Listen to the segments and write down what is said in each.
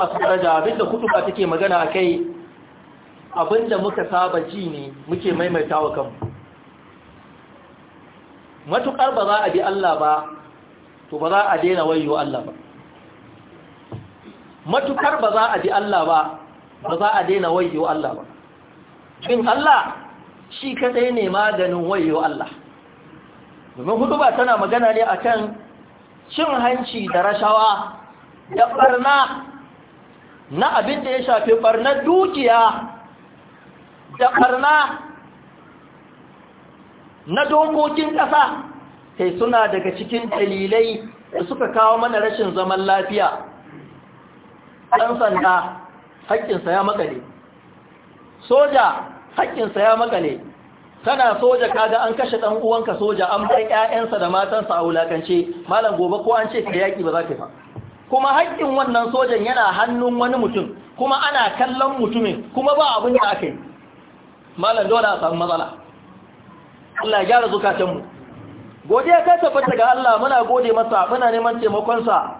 masu daraja abinda kutuba take magana a kai abinda muka saba ji ne muke maimaita wa kanmu matuƙar ba za a bi Allah ba to ba za a daina wayo Allah ba matuƙar ba za a bi Allah ba ba za a daina wayo Allah ba in Allah shi tsaye ne maganin wayo Allah domin hutuba tana magana ne akan cin hanci da rashawa da barna na abin da ya shafi barnar dukiya da barna na dokokin ƙasa sai suna daga cikin dalilai da suka kawo mana rashin zaman lafiya ɗan sanda haƙƙinsa ya makale soja haƙƙinsa ya makale Tana soja kada an kashe ɗan uwanka soja an bai 'ya'yansa da matansa a wulakance malam gobe ko an ce ka yaƙi ba za ka yi ba kuma haƙƙin wannan sojan yana hannun wani mutum kuma ana kallon mutumin kuma ba abin da aka yi malam dole a samu matsala Allah ya gyara zukatanmu godiya ka tabbata ga Allah muna gode masa muna neman taimakonsa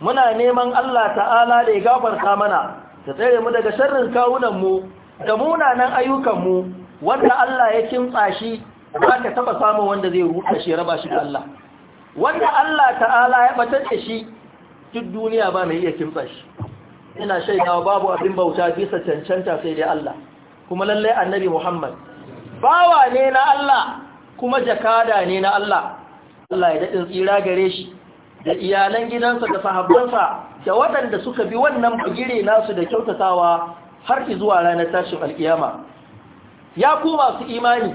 muna neman Allah ta'ala da ya gafarta mana ta tsere mu daga sharrin mu da munanan ayyukan mu wanda Allah ya kintsa shi ba ka taɓa samun wanda zai ruɗa shi raba shi da Allah wanda Allah ta'ala ya batar da shi duk duniya ba mai iya kimtsa shi ina shaidawa babu abin bauta bisa cancanta sai dai Allah kuma lalle annabi Muhammad bawa ne na Allah kuma jakada ne na Allah Allah ya dadin tsira gare shi da iyalan gidansa da sahabbansa da waɗanda suka bi wannan bugire nasu da kyautatawa har zuwa ranar tashin alkiyama ya ku masu imani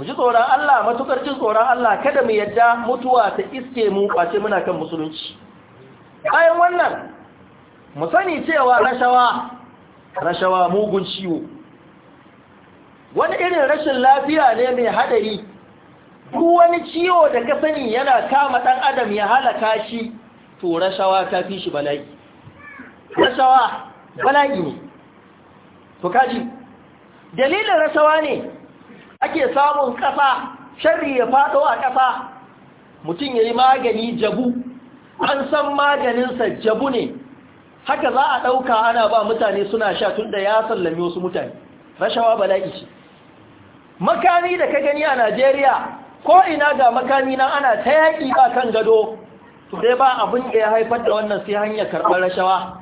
mu ji tsoron Allah matukar jin tsoron Allah kada mu yadda mutuwa ta iske mu kwace muna kan musulunci bayan wannan mu sani cewa rashawa rashawa mugun ciwo wani irin rashin lafiya ne mai hadari duk wani ciwo da ka sani yana kama dan adam ya halaka shi to rashawa ta fi shi bala'i rashawa bala'i ne to kaji dalilin rashawa ne ake samun ƙafa sharri ya fado a ƙafa. mutum ya yi magani jabu an san maganinsa jabu ne haka za a ɗauka ana ba mutane suna sha tun da ya sallami wasu mutane rashawa bala'i ce makami da ka gani a najeriya ko ina ga makami nan ana ta yaƙi ba kan gado to dai ba abin da ya haifar da wannan sai hanyar karɓar rashawa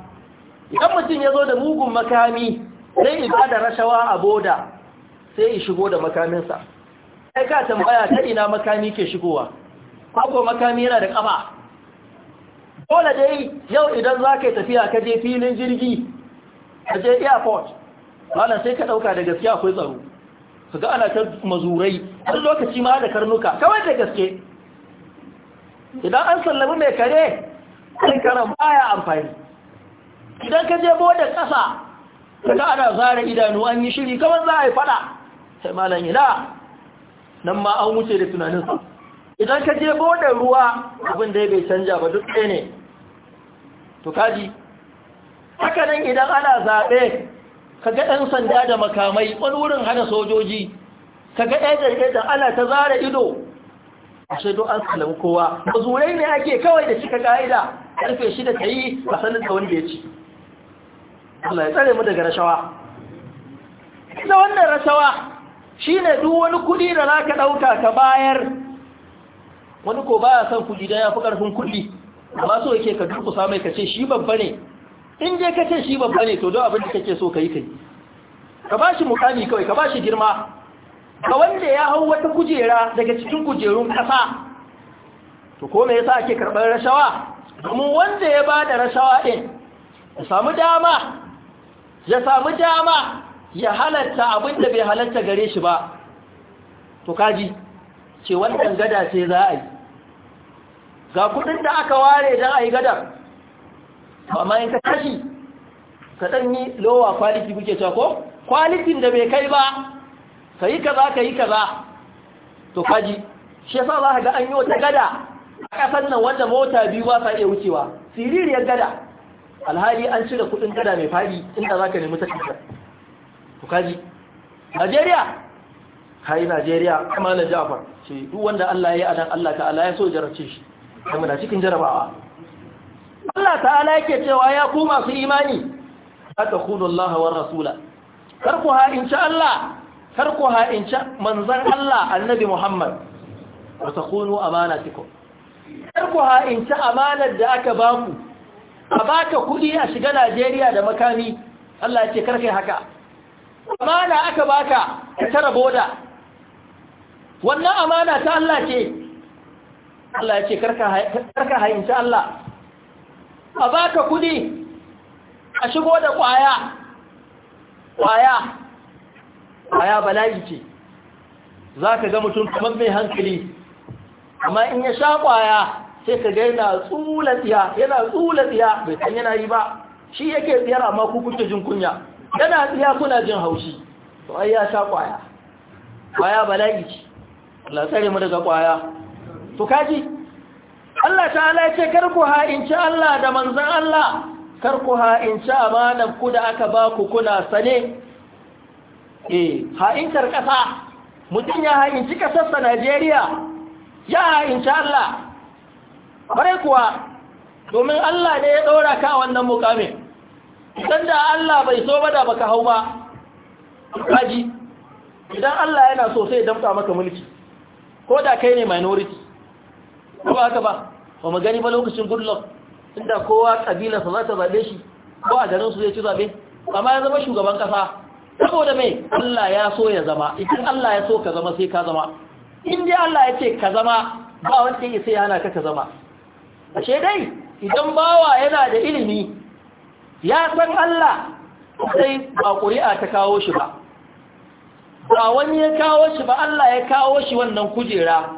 idan mutum ya zo da mugun makami zai ba da rashawa a boda sai ya shigo da makaminsa sai ka tambaya ta ina makami ke shigowa kwakwa makami yana da ƙafa kola dai yau idan za ka yi tafiya ka je filin jirgi ka je airport malam sai ka ɗauka da gaske akwai tsaro su ga ana ta mazurai wani lokaci ma da karnuka kawai da gaske idan an sallabi mai kare kan karan baya amfani idan ka je boda ƙasa ka ga ana zara idanu an yi shiri kawai za a yi fada sai malam ina nan ma an wuce da tunaninsa idan ka je boda ruwa abin da ya bai canja ba duk ɗaya ne to kaji haka nan idan ana zaɓe kaga ɗan sanda da makamai wani wurin hana sojoji kaga ɗaya jirgin ana ta zara ido a shaido an salamu kowa mazurai ne ake kawai da cika gaida ƙarfe da ta yi a sanin da wanda ya ci Allah ya tsare mu daga rashawa ita wannan rashawa shi ne duk wani kuɗi da za ka ɗauka ka bayar wani ko ba ya son kuɗi da ya fi ƙarfin kuɗi amma so yake ka durkusa mai ka ce shi babba ne in je ka ce shi babba ne to don abin da kake so ka yi kai ka ba shi mukami kawai ka ba shi girma ka wanda ya hau wata kujera daga cikin kujerun ƙasa to ko me yasa ake karɓar rashawa domin wanda ya ba da rashawa ɗin ya samu dama ya samu dama ya halatta abin da bai halatta gare shi ba to kaji ce wannan gada ce za a yi ga kudin da aka ware don a yi gadar amma yin ka kashi ka yi lowa kwaliti kuke cewa ko kwalitin da bai kai ba ka yi kaza ka yi kaza to kaji shi yasa za ka ga an yi wata gada a ƙasar nan wanda mota biyu ba sa iya wucewa siririyar gada alhali an cire kudin gada mai fadi inda za ka nemi ta kasar to kaji najeriya kai najeriya kama na jafar ce duk wanda allah ya yi a nan allah ta'ala ya so jarabce shi kuma da cikin jarabawa Allah ta'ala yake cewa ya ku masu imani aka kudu Allah wa rasula kar ku ha'inci Allah kar ku ha'inci manzan Allah annabi Muhammad wa takunu amanatikum kar ku ha'inci amanar da aka baku a baka kudi a shiga Najeriya da makami Allah ya ce kar kai haka amana aka baka ka tara boda wannan amana ta Allah ce Allah ya ce karka hayinci Allah a baka kudi a shigo da kwaya kwaya kwaya bala'i ce za ka ga mutum kamar mai hankali amma in ya sha kwaya sai ka ga yana tsula tsiya yana tsula tsiya bai san yana yi ba shi yake tsiyar amma kukuta jin kunya yana tsiya kuna jin haushi to ai ya sha kwaya kwaya bala'i ce Allah tsare mu daga kwaya to kaji Allah ta'ala ya ce kar ku ha'inci Allah da manzan Allah kar ku ha'inci amanar ku da aka ba ku kuna sane eh ha'intar ƙasa mutum ya ha'inci ƙasarsa Najeriya ya ha'inci Allah bare kuwa domin Allah ne ya ɗora ka wannan mukamin idan da Allah bai so ba da baka hau ba kaji idan Allah yana so sai ya damta maka mulki ko da kai ne minority ko ba haka ba ba mu gani ba lokacin goodluck inda kowa kabilarsa za ta zaɓe shi ko a garin su zai ci zaɓe amma ya zama shugaban ƙasa saboda mai Allah ya so ya zama idan Allah ya so ka zama sai ka zama in dai Allah ya ce ka zama ba wanda ya sai hana ka ka zama ashe dai idan bawa yana da ilimi ya san Allah sai ba ƙuri'a ta kawo shi ba ba wani ya kawo shi ba Allah ya kawo shi wannan kujera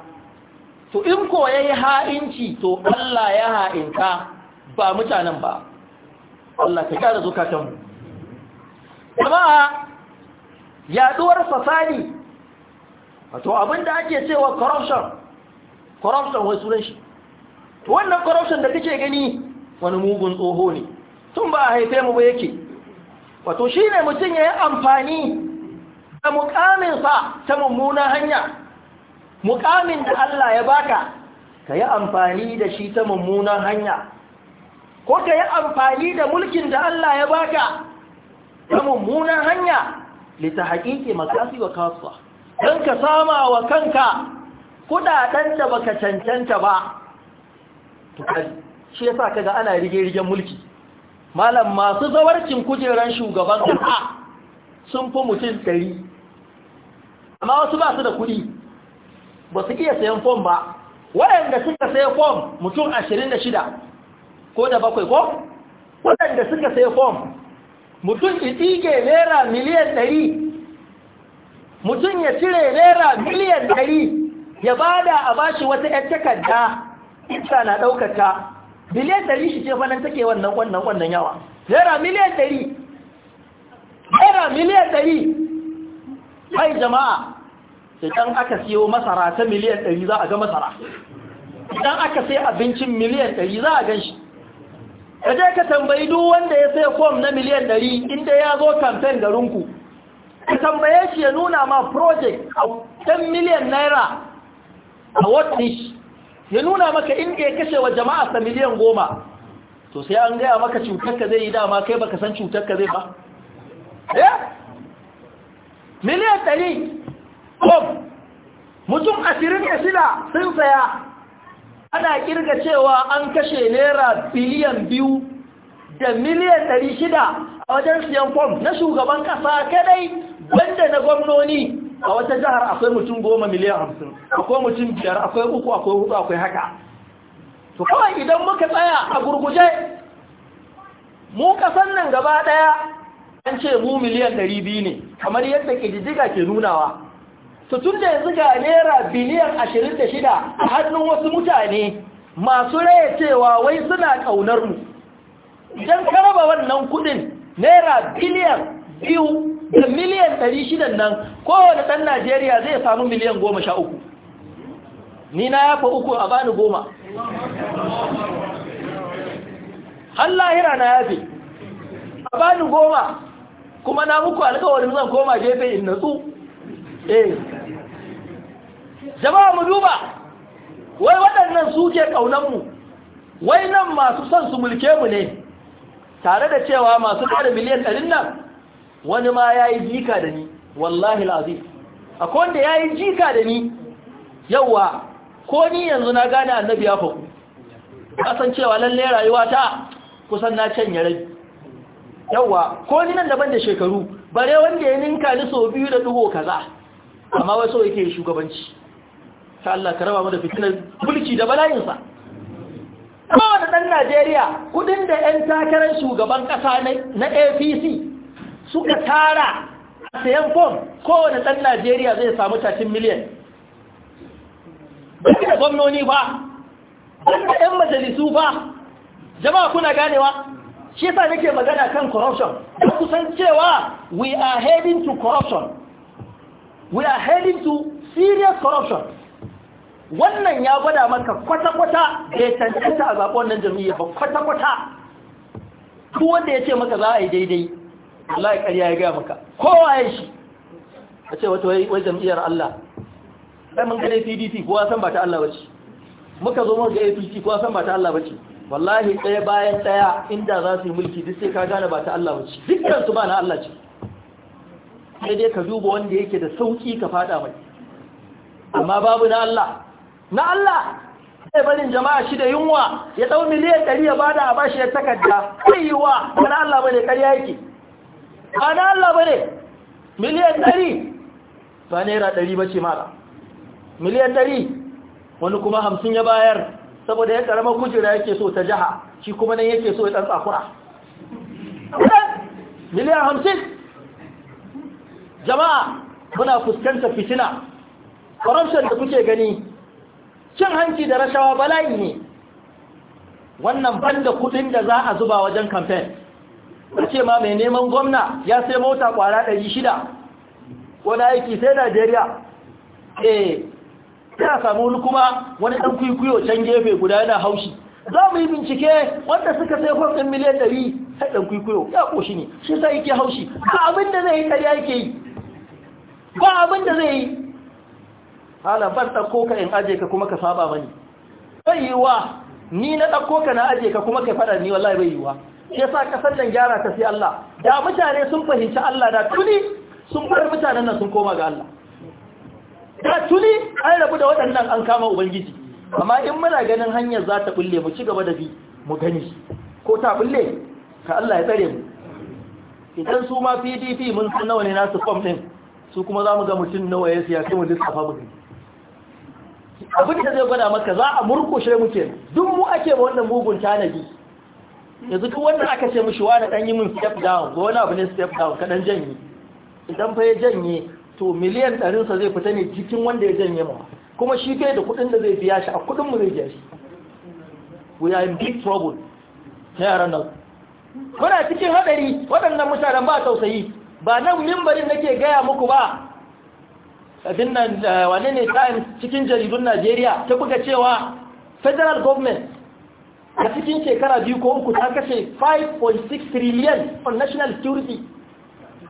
to in ko ya yi ha'inci to Allah ya ha'inka ba mutanen ba Allah ka kyara zukatanmu jama'a yaduwar fasadi wato abinda ake cewa corruption corruption wai sunan shi to wannan corruption da kake gani wani mugun tsoho ne tun ba a haife mu ba yake wato shine mutum ya yi amfani da sa ta mummunan hanya mukamin da Allah ya baka ka yi amfani da shi ta mummunan hanya ko ka yi amfani da mulkin da Allah ya baka ta mummunan hanya lita haƙiƙe makasi wa kasuwa don ka sama wa kanka kuɗaɗen da ka cancanta ba tukari shi ya sa ka ga ana rige-rigen mulki malam masu zawarcin kujeran shugaban ƙasa sun fi mutum ɗari amma wasu ba su da kuɗi ba su iya sayan fom ba waɗanda suka sayan fom mutum ashirin da shida ko da bakwai ko waɗanda suka sayan fom mutum itige naira miliyan ɗari mutum ya cire naira miliyan ɗari ya bada a bashi wata 'yan takarda isa na ɗaukata miliyan ɗari shi ce fanan take wannan wannan wannan yawa naira miliyan ɗari naira miliyan ɗari jama'a idan aka siyo masara ta miliyan ɗari za a ga masara idan aka sai abincin miliyan ɗari za a gan shi kaje ka tambayi duk wanda ya sai fom na miliyan ɗari inda ya zo kamfen garinku ka tambaye shi ya nuna ma project a 10 miliyan naira a watnish ya nuna maka inda ya kashe wa jama'a sa miliyan goma to sai an gaya maka cutarka zai yi dama kai baka san cutarka zai ba eh miliyan ɗari kom mutum ashirin da shida sun saya ana kirga cewa an kashe naira biliyan biyu da miliyan ɗari shida a wajen siyan kom na shugaban ƙasa kadai wanda na gwamnoni a wata jihar akwai mutum goma miliyan hamsin akwai mutum biyar akwai uku akwai hudu akwai haka to kawai idan muka tsaya a gurguje mu kasan nan gaba ɗaya an ce mu miliyan ɗari biyu ne kamar yadda ƙididdiga ke nunawa to tun da yanzu ga naira biliyan 26 a hannun wasu mutane masu raya cewa wai suna ƙaunar mu don karaba wannan kuɗin naira biliyan biyu da miliyan 600 nan kowane ɗan najeriya zai samu miliyan 13 ni na yafa uku a bani goma hira na yafe a bani goma kuma na muku alkawarin zan koma jefe in natsu eh jama'a mu duba wai waɗannan suke ke mu wai nan masu son su mulke mu ne tare da cewa masu kada miliyan ɗarin nan wani ma ya yi jika da ni wallahi lazi akwai wanda ya yi jika da ni yauwa ko ni yanzu na gane annabi ya faku kasan cewa lalle rayuwa ta kusan na canye rai yauwa ko ni nan daban da shekaru bare wanda ya ninka ni sau biyu da duho kaza amma wasu yake shugabanci ta Allah ka raba mu da fitinar mulki da bala'insa kowane ɗan Najeriya kudin da 'yan takarar shugaban ƙasa na APC suka tara a sayan fom kowane ɗan Najeriya zai samu 30 miliyan. Baki da gwamnoni ba, da 'yan majalisu ba, jama'a kuna ganewa, shi sa nake magana kan corruption, da kusan cewa we are heading to corruption, we are heading to serious corruption. wannan ya gwada maka kwata-kwata da ya cancanta a zaɓi wannan jam'iyyar ba kwata-kwata ko wanda ya ce maka za a yi daidai Allah ya ƙarya ya gaya maka kowa ya shi a ce wata wai jam'iyyar Allah sai mun gane PDP kowa san ba ta Allah bace muka zo muka ga APC kowa san ba ta Allah bace wallahi ɗaya bayan ɗaya inda za su yi mulki duk sai ka gane ba ta Allah bace Dukkansu ba na Allah ce sai dai ka duba wanda yake da sauki ka faɗa mai amma babu na Allah na Allah zai barin jama'a shi da yunwa ya dau miliyan ɗari ya bada a bashi ya takarda zai yi wa ba na Allah bane ƙarya yake ba na Allah bane miliyan ɗari ba naira ɗari ba ce mara miliyan ɗari wani kuma hamsin ya bayar saboda ya ƙarama kujera yake so ta jiha shi kuma nan yake so ya ɗan tsakura miliyan hamsin jama'a muna fuskanta fitina corruption da kuke gani cin hanci da rashawa bala'i ne wannan banda kudin da za a zuba wajen kamfen a ce ma mai neman gwamna ya sai mota kwara 600 wani aiki sai najeriya eh ta samu wani kuma wani ɗan kwikwiyo can gefe guda yana haushi za mu yi bincike wanda suka sai kwamfin miliyan 100 sai ɗan kwikwiyo ya ƙoshi ne shi sai yake haushi ba abin da zai yi ba abin da zai yi Hala ban ɗauko ka in aje ka kuma ka saba mani bai wa ni na ɗauko ka na aje ka kuma ka faɗa ni wallahi bai wa shi sa ƙasar nan gyara ta sai Allah da mutane sun fahimci Allah da tuni sun bar mutanen nan sun koma ga Allah da tuni an rabu da waɗannan an kama ubangiji amma in muna ganin hanyar za ta bulle mu ci gaba da bi mu gani ko ta bulle ka Allah ya tsare mu idan su ma pdp mun san nawa ne nasu form ɗin su kuma za mu ga mutum nawa ya siya sai mu lissafa mu gani abin da zai gwada maka za a murkushe muke duk mu ake ma wannan mugun tanadi yanzu duk wannan aka ce mishi wani dan yi min step down ko wani abu ne step down ka dan janye idan fa ya janye to miliyan ɗarin sa zai fita ne cikin wanda ya janye ma kuma shi kai da kuɗin da zai biya shi a kuɗin mu zai biya shi we are in big trouble ta yaran nan Kuna cikin hadari waɗannan mutanen ba tausayi ba nan mimbarin nake gaya muku ba abin nan eh, wane ne times cikin jaridun najeriya ta buga cewa federal government a cikin shekara biyu ko uku ta kashe 5.6 trillion on national security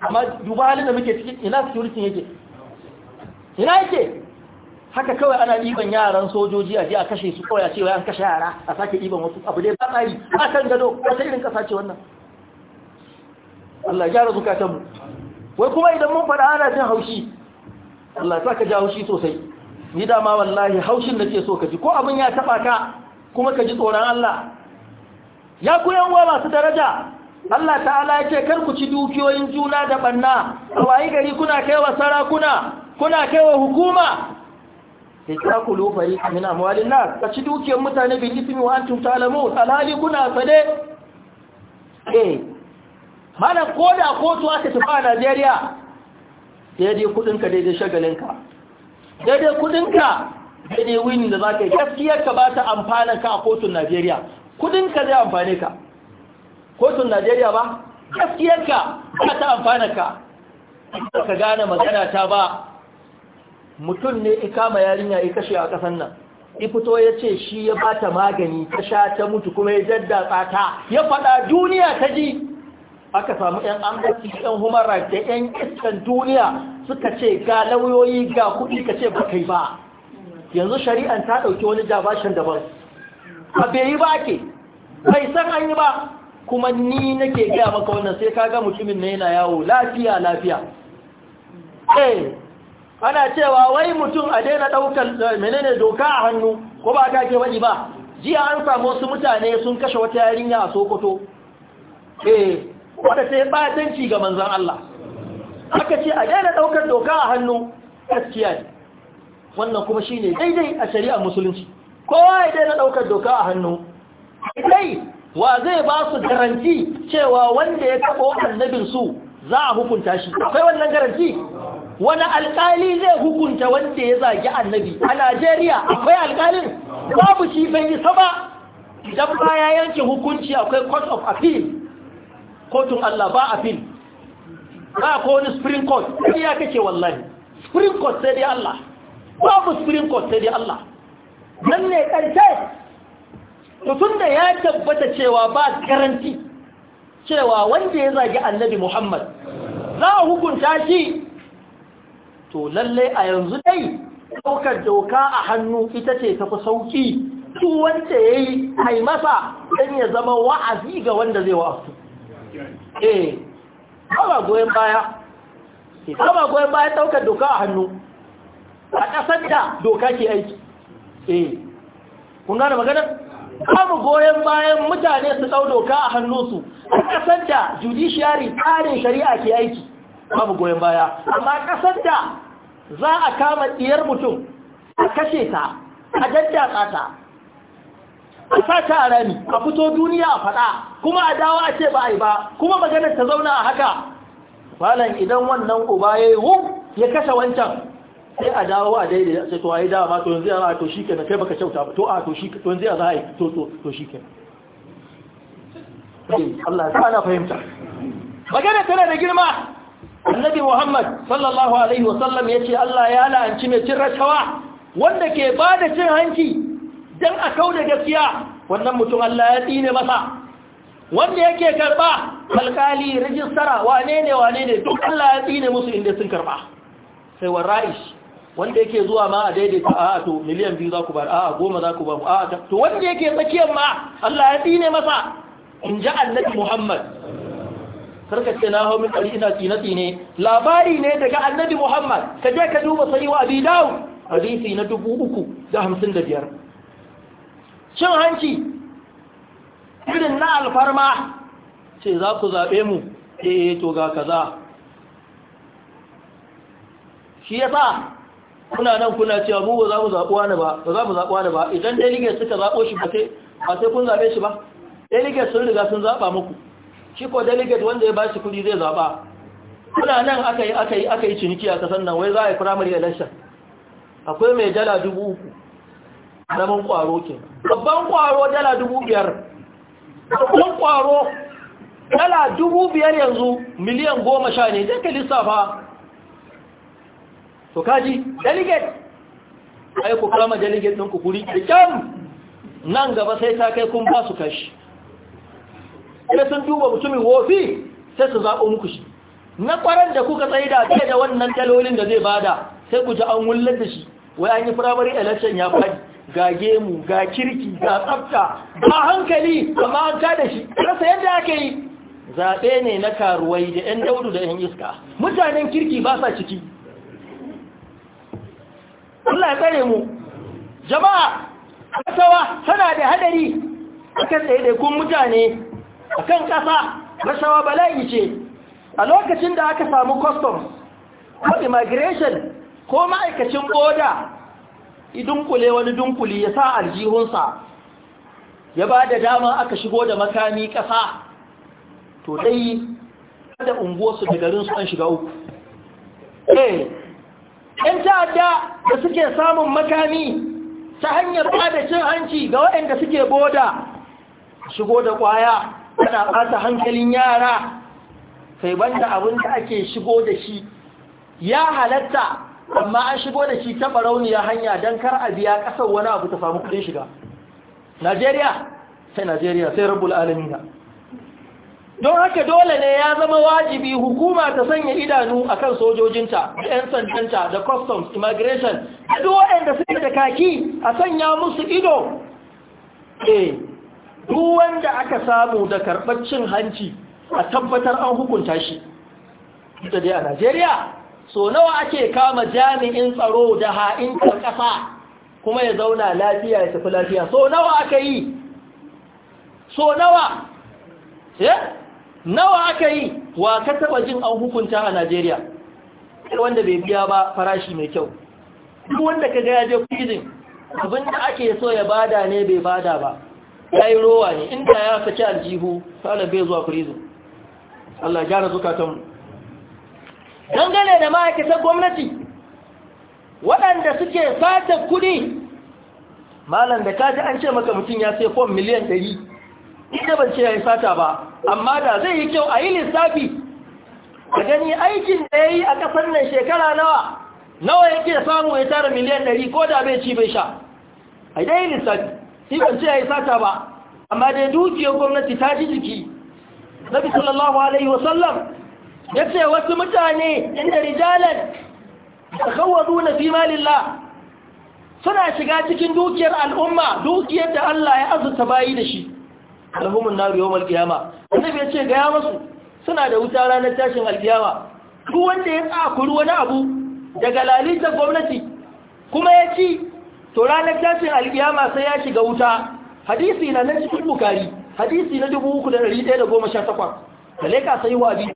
amma duba halin da muke cikin ina security yake ina yake haka kawai ana ɗiban yaran sojoji a je a kashe su kawai a cewa an kashe yara a sake ɗiban wasu abu dai ba tsari a kan gado wata irin ƙasa ce wannan Allah gyara zukatanmu wai kuma idan mun faɗa ana jin haushi Allah ya saka jawo shi sosai ni dama wallahi haushin da ke so ka ji ko abin ya taba ka kuma ka ji tsoron Allah ya ku yan uwa masu daraja Allah ta'ala ya ce kar ku ci dukiyoyin juna da banna a wayi gari kuna kaiwa sarakuna kuna kaiwa hukuma Sai ta ku fari min amwalin nas ka ci dukiyar mutane bi ismi wa antum ta'lamun alali kuna fade eh mana koda kotu aka tafi a Najeriya daidai kudinka daidai shagalinka daidai kudinka daidai wini da za ka yi ka ba ta amfana ka a kotun najeriya kudinka zai amfane ka kotun najeriya ba ka ba ta amfana ka ka gane magana ta ba mutum ne ikama yarinya ya kashe a kasan nan fito ya ce shi ya ba ta magani ta sha ta mutu kuma ya jaddata ta ya faɗa duniya ta ji aka samu 'yan amurci 'yan human rights da 'yan iskan duniya suka ce ga lauyoyi ga kuɗi ka ce ba kai ba yanzu shari'an ta ɗauki wani jabashin daban a beyi ba ke bai san an yi ba kuma ni nake gaya maka wannan sai ka ga mutumin na yana yawo lafiya lafiya eh ana cewa wai mutum a daina ɗaukar eh, menene doka a hannu ko ba ka ke wani ba jiya an samu wasu mutane sun kashe wata yarinya a sokoto eh wadda ta yi batanci ga manzan Allah aka ce a daina ɗaukar doka a hannu gaskiya ne wannan kuma shi ne daidai a shari'ar musulunci kowa ya daina ɗaukar doka a hannu dai wa zai ba su garanti cewa wanda ya taɓo annabin su za a hukunta shi akwai wannan garanti wani alƙali zai hukunta wanda ya zagi annabi a najeriya akwai alƙalin babu shi bai yi saba idan ba ya yanke hukunci akwai court of appeal kotun Allah ba a fil ba ko wani spring court ya kake wallahi spring court sai dai Allah babu spring court sai dai Allah nan ne ƙarshe to tunda ya tabbata cewa ba garanti cewa wanda ya zagi annabi Muhammad za a hukunta shi to lallai a yanzu dai ɗaukar doka a hannu ita ce ta fi sauƙi Su wanda ya yi haimasa don ya zama wa'azi ga wanda zai wa'azu eh ba goyon baya eh, ba goyon baya daukar doka a hannu a ƙasar da doka ke aiki eh kun gane maganar kama goyon bayan mutane su dau doka a hannunsu a ƙasar da judiciary tsarin shari'a ke aiki kama goyon baya amma ƙasar da za a kama ɗiyar mutum a kashe ta a daddatsa ta a sa ta a rami a fito duniya a faɗa kuma a dawo a ce ba a yi ba kuma maganar ta zauna a haka malam idan wannan uba ya yi hu ya kashe wancan sai a dawo a daidai sai to a yi dama to yanzu a to shi na kai baka kyauta ba to a to shi to yanzu a za a to to to shi kenan Allah ya ana fahimta maganar tana da girma annabi Muhammad sallallahu alaihi wa sallam ya ce Allah ya la'anci mai cin rashawa wanda ke bada cin hanci don a kau da gaskiya wannan mutum Allah ya tsine masa wanda yake karba alkali rijistara wane ne wane ne duk Allah ya tsine musu inda sun karba sai wa ra'ish wanda yake zuwa ma a daidaita a'a to miliyan biyu za ku bar a'a goma za ku bar a'a to wanda yake tsakiyar ma Allah ya tsine masa in ji annabi Muhammad sarka ce na hau min ɗari ina tsine-tsine labari ne daga annabi Muhammad ka je ka duba sayi wa abi dawo hadisi na dubu uku da hamsin da biyar cin hanci irin na alfarma ce za ku zaɓe mu eh to ga kaza shi ya sa kuna nan kuna cewa mu ba za mu zaɓuwa ne ba ba za mu zaɓuwa ne ba idan delegates suka zaɓo shi ba sai kun zaɓe shi ba delegates sun riga sun zaɓa muku shi ko delegate wanda ya ba shi kuɗi zai zaɓa kuna nan aka yi aka yi aka yi ciniki a kasan nan wai za a yi firamare election akwai mai jala dubu uku zaman kwaro ke babban kwaro dala dubu biyar babban kwaro dala dubu biyar yanzu miliyan goma sha ne zai ka lissafa to kaji delegate ai ku kama delegate ɗin ku kuri kyan nan gaba sai ta kai kun ba su kashi sai sun duba mutumin wofi sai su zaɓo muku shi na kwarar da kuka tsaye da da wannan talolin da zai bada sai ku ji an wullar da shi wai an yi firamare election ya faɗi ga gemu ga kirki ga tsafta ba hankali amma an da shi rasa yadda aka yi zaɓe ne na karuwai da 'yan daudu da 'yan iska mutanen kirki ba sa ciki kula tsare mu jama'a kasawa tana da hadari kan ɗaiɗaikun mutane a akan ƙasa rashawa bala'i ce a lokacin da aka samu customs ko immigration ko ma'aikacin boda idunkule wani dunkuli ya sa aljihunsa ya ba da dama aka shigo da makami ƙasa to dai da unguwarsu da garinsu an shiga uku eh ‘yan ta'adda da suke samun makami ta hanyar bada cin hanci ga waɗanda suke boda shigo da ƙwaya ana ɓata hankalin yara sai banda abin da ake shigo da shi ya halatta amma an shigo da shi ta barauniya hanya don kar a biya kasar wani abu ta samu kuɗin shiga najeriya sai najeriya sai rabbul alamina don haka dole ne ya zama wajibi hukuma ta sanya idanu akan sojojinta da 'yan sandanta da customs immigration da duk waɗanda suke da kaki a sanya musu ido eh duk wanda aka samu da karɓar cin hanci a tabbatar an hukunta shi ita dai a najeriya so nawa ake kama jami'in tsaro da ha'in ƙasa kuma ya zauna lafiya ya tafi lafiya so nawa aka yi so nawa eh? nawa aka yi wa ka taba jin an hukunta a najeriya wanda bai biya ba farashi mai kyau duk wanda ka ga yaje je abin da ake so ya bada ne bai bada ba ya yi rowa ne inda ya saki aljihu sa'adar bai zuwa prison Allah ya gyara zukatanmu dangane da ma'aikatan gwamnati waɗanda suke sata kuɗi malam da kaji an ce maka mutum ya sai fom miliyan ɗari ita ban ce ya yi sata ba amma da zai yi kyau a yi lissafi a gani aikin da ya yi a ƙasar nan shekara nawa nawa yake samu ya tara miliyan ɗari ko da bai ci bai sha a dai lissafi shi ban ce ya yi sata ba amma dai dukiyar gwamnati ta ji jiki nabi sallallahu alaihi wasallam ya ce wasu mutane inda rijalan da kawadu na fimalillah suna shiga cikin dukiyar al'umma dukiyar da Allah ya azurta bayi da shi alhumun na yawon alkiyama wanda ya ce gaya masu suna da wuta ranar tashin alkiyama Ku wanda ya tsakuru wani abu daga lalitar gwamnati kuma ya ci to ranar tashin alkiyama sai ya shiga wuta hadisi na nan cikin bukari hadisi na 3118 sai wa abi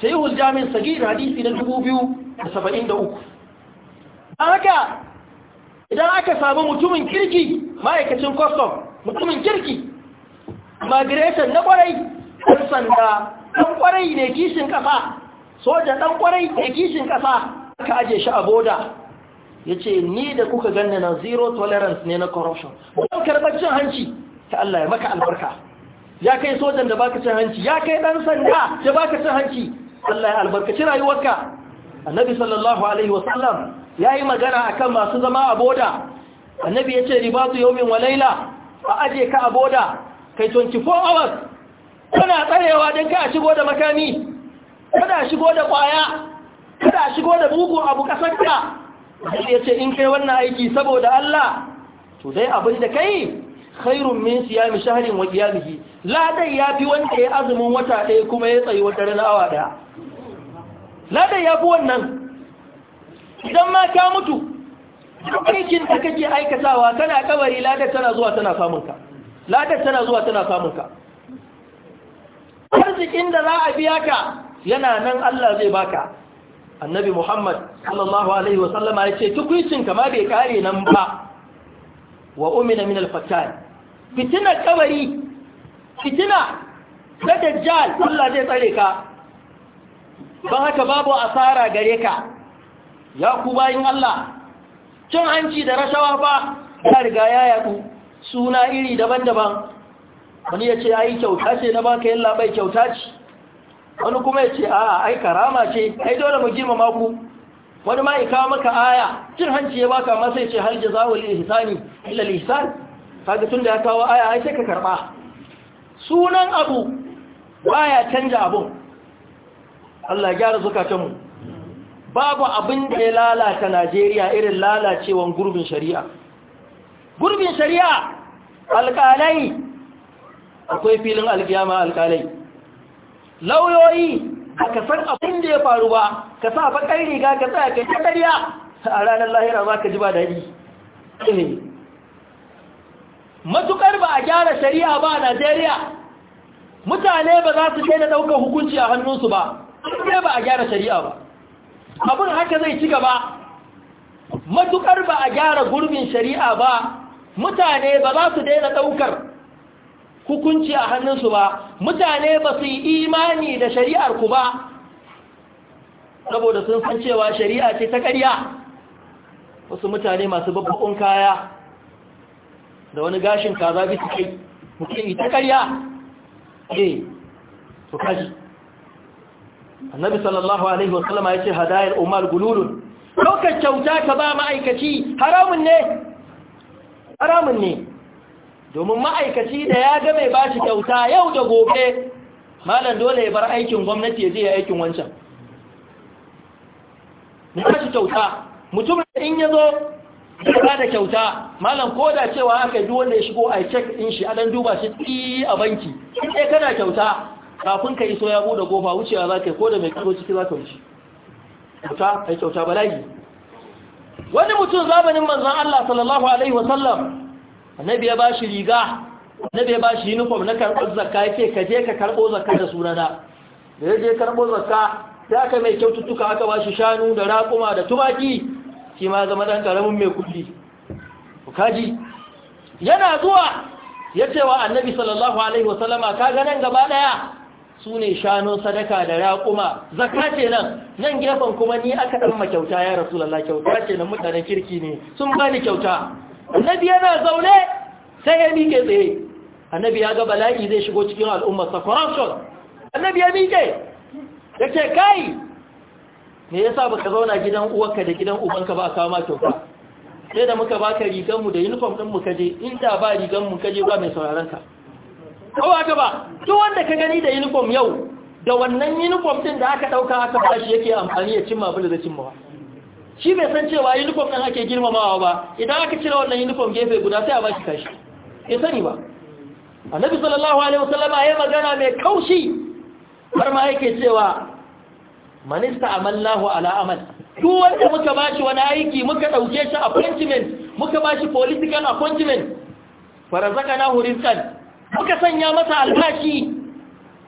sai hujjamin sagir hadisi na 2073 haka idan aka samu mutumin kirki ma'aikacin custom mutumin kirki migration na kwarai ɗan sanda ɗan kwarai ne kishin ƙasa soja ɗan kwarai ne kishin ƙasa aka aje shi a boda ya ce ni da kuka ganna na zero tolerance ne na corruption don karɓar cin hanci ta Allah ya maka albarka ya kai sojan da baka cin hanci ya kai ɗan sanda da baka cin hanci Allah ya albarkaci rayuwarka annabi sallallahu alaihi wasallam yayi magana akan masu zama a boda annabi yace ribatu yawmin wa layla a aje ka a boda kai 24 hours kana tsarewa dan ka shigo da makami kada shigo da kwaya kada shigo da bugu abu kasarka annabi yace in kai wannan aiki saboda Allah to dai abin da kai khairun min siyami shahrin wa qiyamihi ladan yafi wanda ya azumin wata ɗaya kuma ya tsayi wata rana awa ɗaya ladan yafi wannan idan ma ka mutu aikin da kake aikatawa kana kabari ladan tana zuwa tana samun ka ladan tana zuwa tana samun ka arzikin da za a biya ka yana nan Allah zai baka annabi Muhammad sallallahu alaihi sallama ya ce tukuicin ma bai kare nan ba wa umina min al-fattan fitina kabari fitina ta dajjal Allah zai tsare ka ba haka babu asara gare ka ya ku bayin Allah cin hanci da rashawa ba ya riga ya yadu suna iri daban-daban wani ya ce ai kyauta ce na baka yalla bai kyauta ce wani kuma ya ce a'a ai karama ce ai dole mu girmama ku wani ma ya kawo maka aya cin hanci ya baka masa ya ce hal jazawul ihsani illa kaga tun da ya kawo aya ai sai ka karba sunan abu baya canja abun Allah gyara zukatanmu babu abin da ya lalata Najeriya irin lalacewan gurbin shari'a gurbin shari'a alƙalai akwai filin alƙiyama alƙalai lauyoyi ka san abin da ya faru ba ka sa kai riga ka tsaya kai ta a ranar lahira za ka ji ba daɗi eh, matukar ba a gyara shari'a ba a Najeriya mutane ba za su daina daukar hukunci a hannunsu ba sai ba a gyara shari'a ba abin haka zai ci gaba matukar ba a gyara gurbin shari'a ba mutane ba za su daina ɗaukar hukunci a hannunsu ba mutane ba su yi imani da shari'ar ku ba saboda sun san cewa shari'a ce ta ƙarya wasu mutane masu babban kaya da wani gashin kaza bisa kai mutum ita karya eh to kaji annabi sallallahu alaihi wasallam ya ce hadayar umar gululun Lokacin kyauta ka ba ma'aikaci haramun ne haramun ne domin ma'aikaci da ya ga mai ba shi kyauta yau da gobe malam dole ya bar aikin gwamnati ya je aikin wancan ba shi kyauta mutum in ya zo ba da kyauta malam ko da cewa aka duk wanda ya shigo a check din shi a dan duba shi tsi a banki in dai kana kyauta kafin ka iso ya bude gofa wucewa za ka ko da mai karo ciki za ka wuce kyauta ai kyauta bala'i wani mutum zamanin manzon Allah sallallahu alaihi wasallam annabi ya bashi riga annabi ya bashi uniform na karɓar zakka yake ka je ka karɓo zakka da sunana da ya je karɓo zakka sai aka mai kyaututtuka aka bashi shanu da raƙuma da tumaki shi ma zama ɗan ƙaramin mai kulli kaji yana zuwa ya ce wa annabi sallallahu alaihi wasallama ka ganin gaba ɗaya su ne shanun sadaka da raƙuma zakka ce nan nan gefen kuma ni aka ɗan kyauta ya rasu lalla kyauta ce nan mutanen kirki ne sun ba ni kyauta annabi yana zaune sai ya miƙe tsaye annabi ya ga bala'i zai shigo cikin al'ummarsa corruption annabi ya miƙe ya ce kai me yasa baka zauna gidan uwarka da gidan ubanka ba kawo ma kyauta sai da muka baka rigan mu da uniform din mu kaje inda ba rigan mu kaje ba mai sauraron ka kawai ka ba to wanda ka gani da uniform yau da wannan uniform din da aka dauka aka bashi yake amfani ya cimma abin da cimma shi bai san cewa uniform din ake girmamawa ba idan aka cire wannan uniform gefe guda sai a shi kashi ya sani ba annabi sallallahu alaihi wasallam ya magana mai kaushi har ma yake cewa manista amallahu ala amal duk wanda muka bashi wani aiki muka dauke shi appointment muka bashi political appointment farazakana na rizqan muka sanya masa albashi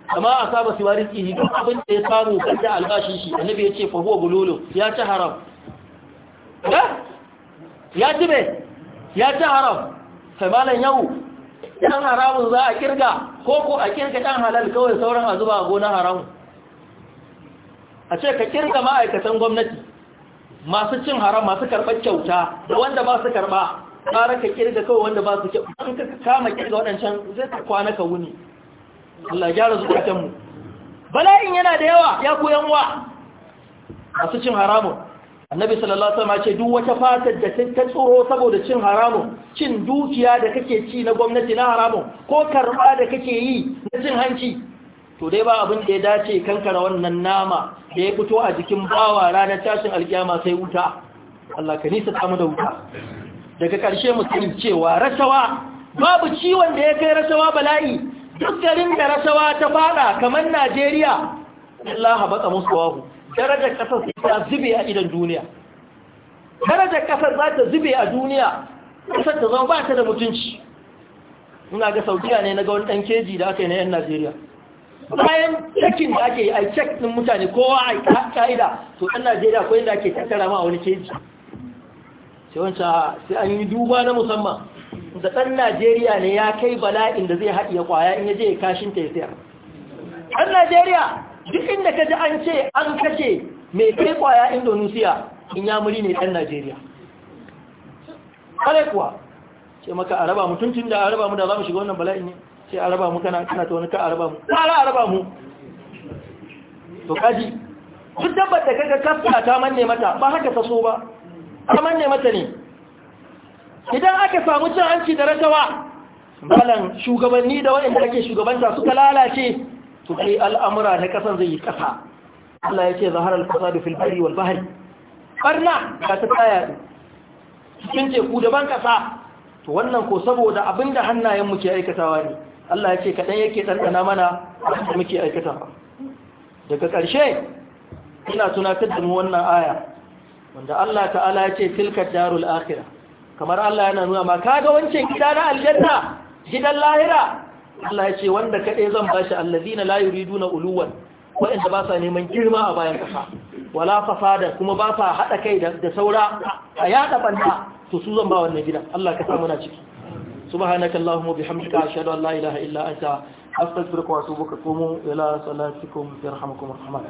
amma asaba siwa rizqihi duk abin da ya samu da albashin shi annabi ya ce fa huwa bululu ya ci haram ya ci ya ci haram sai malan yau dan haramun za a kirga ko ko a kirga dan halal kawai sauran a zuba a gona haramun a ce ka kirga ma'aikatan gwamnati masu cin haram masu karɓar kyauta da wanda ba su karɓa ƙara ka kirga kawai wanda ba su kyauta an ka kama kirga waɗancan zai ta kwana ka wuni Allah gyara zukatanmu bala'in yana da yawa ya koyan wa masu cin haramun annabi sallallahu alaihi wasallam ce duk wata fatar da ta tsoro saboda cin haramun cin dukiya da kake ci na gwamnati na haramun ko karɓa da kake yi na cin hanci to dai ba abin da ya dace kankara wannan nama da ya fito a jikin bawa ranar tashin alkiyama sai wuta Allah ka nisa ta da wuta daga ƙarshe musulmi cewa rashawa babu ciwon da ya kai rashawa bala'i duk garin da rashawa ta fada kamar Najeriya Allah batsa musu wahu darajar ƙasar ta zube a idan duniya darajar ƙasar za ta zube a duniya ƙasar ta zama ba ta da mutunci ina ga saudiya ne na ga wani ɗan keji da aka yi na 'yan Najeriya bayan cikin da ake yi a cikin ɗin mutane kowa a ka'ida to ɗan najeriya ko yadda ake tattara ma a wani keji sai wancan sai an yi duba na musamman da ɗan najeriya ne ya kai bala'in da zai haɗiye ƙwaya in ya je kashin ta ya sayar ɗan najeriya duk inda ka ji an ce an kashe mai kai ƙwaya indonesia in ya muri ne ɗan najeriya kare kuwa ce maka araba mutuntun da araba mu da za mu shiga wannan bala'in ne ce a raba mu kana kana ta wani ka a raba mu ƙara a raba mu to kaji duk dabbar da kaga kafta ta manne mata ba haka ta so ba a manne mata ne idan aka samu cin hanci da rasawa malan shugabanni da waɗanda ake shugabanta suka lalace to kai al'amura na kasan zai yi ƙasa Allah ya ce al ƙasa da bahri wal bahri ƙarna ka ta tsaya cikin teku daban ƙasa to wannan ko saboda abinda mu ke aikatawa ne Allah ya ce kaɗan yake ɗanɗana mana da muke aikata daga ƙarshe ina tunatar da mu wannan aya wanda Allah ta'ala ya ce tilka darul akhira. kamar Allah yana nuna ma ga wancan gida na aljanna gidan lahira Allah ya ce wanda kaɗai zan bashi allazina la yuriduna uluwan waɗanda ba sa neman girma a bayan ƙasa wala fasada kuma ba sa haɗa kai da saura a yaɗa ɓanta to su zan ba wannan gida. Allah ka samu na ciki subhanaka allahumma bihamdika ashhadu an la ilaha illa anta astaghfiruka wa atubu ilaik qumu ila salatikum yarhamukum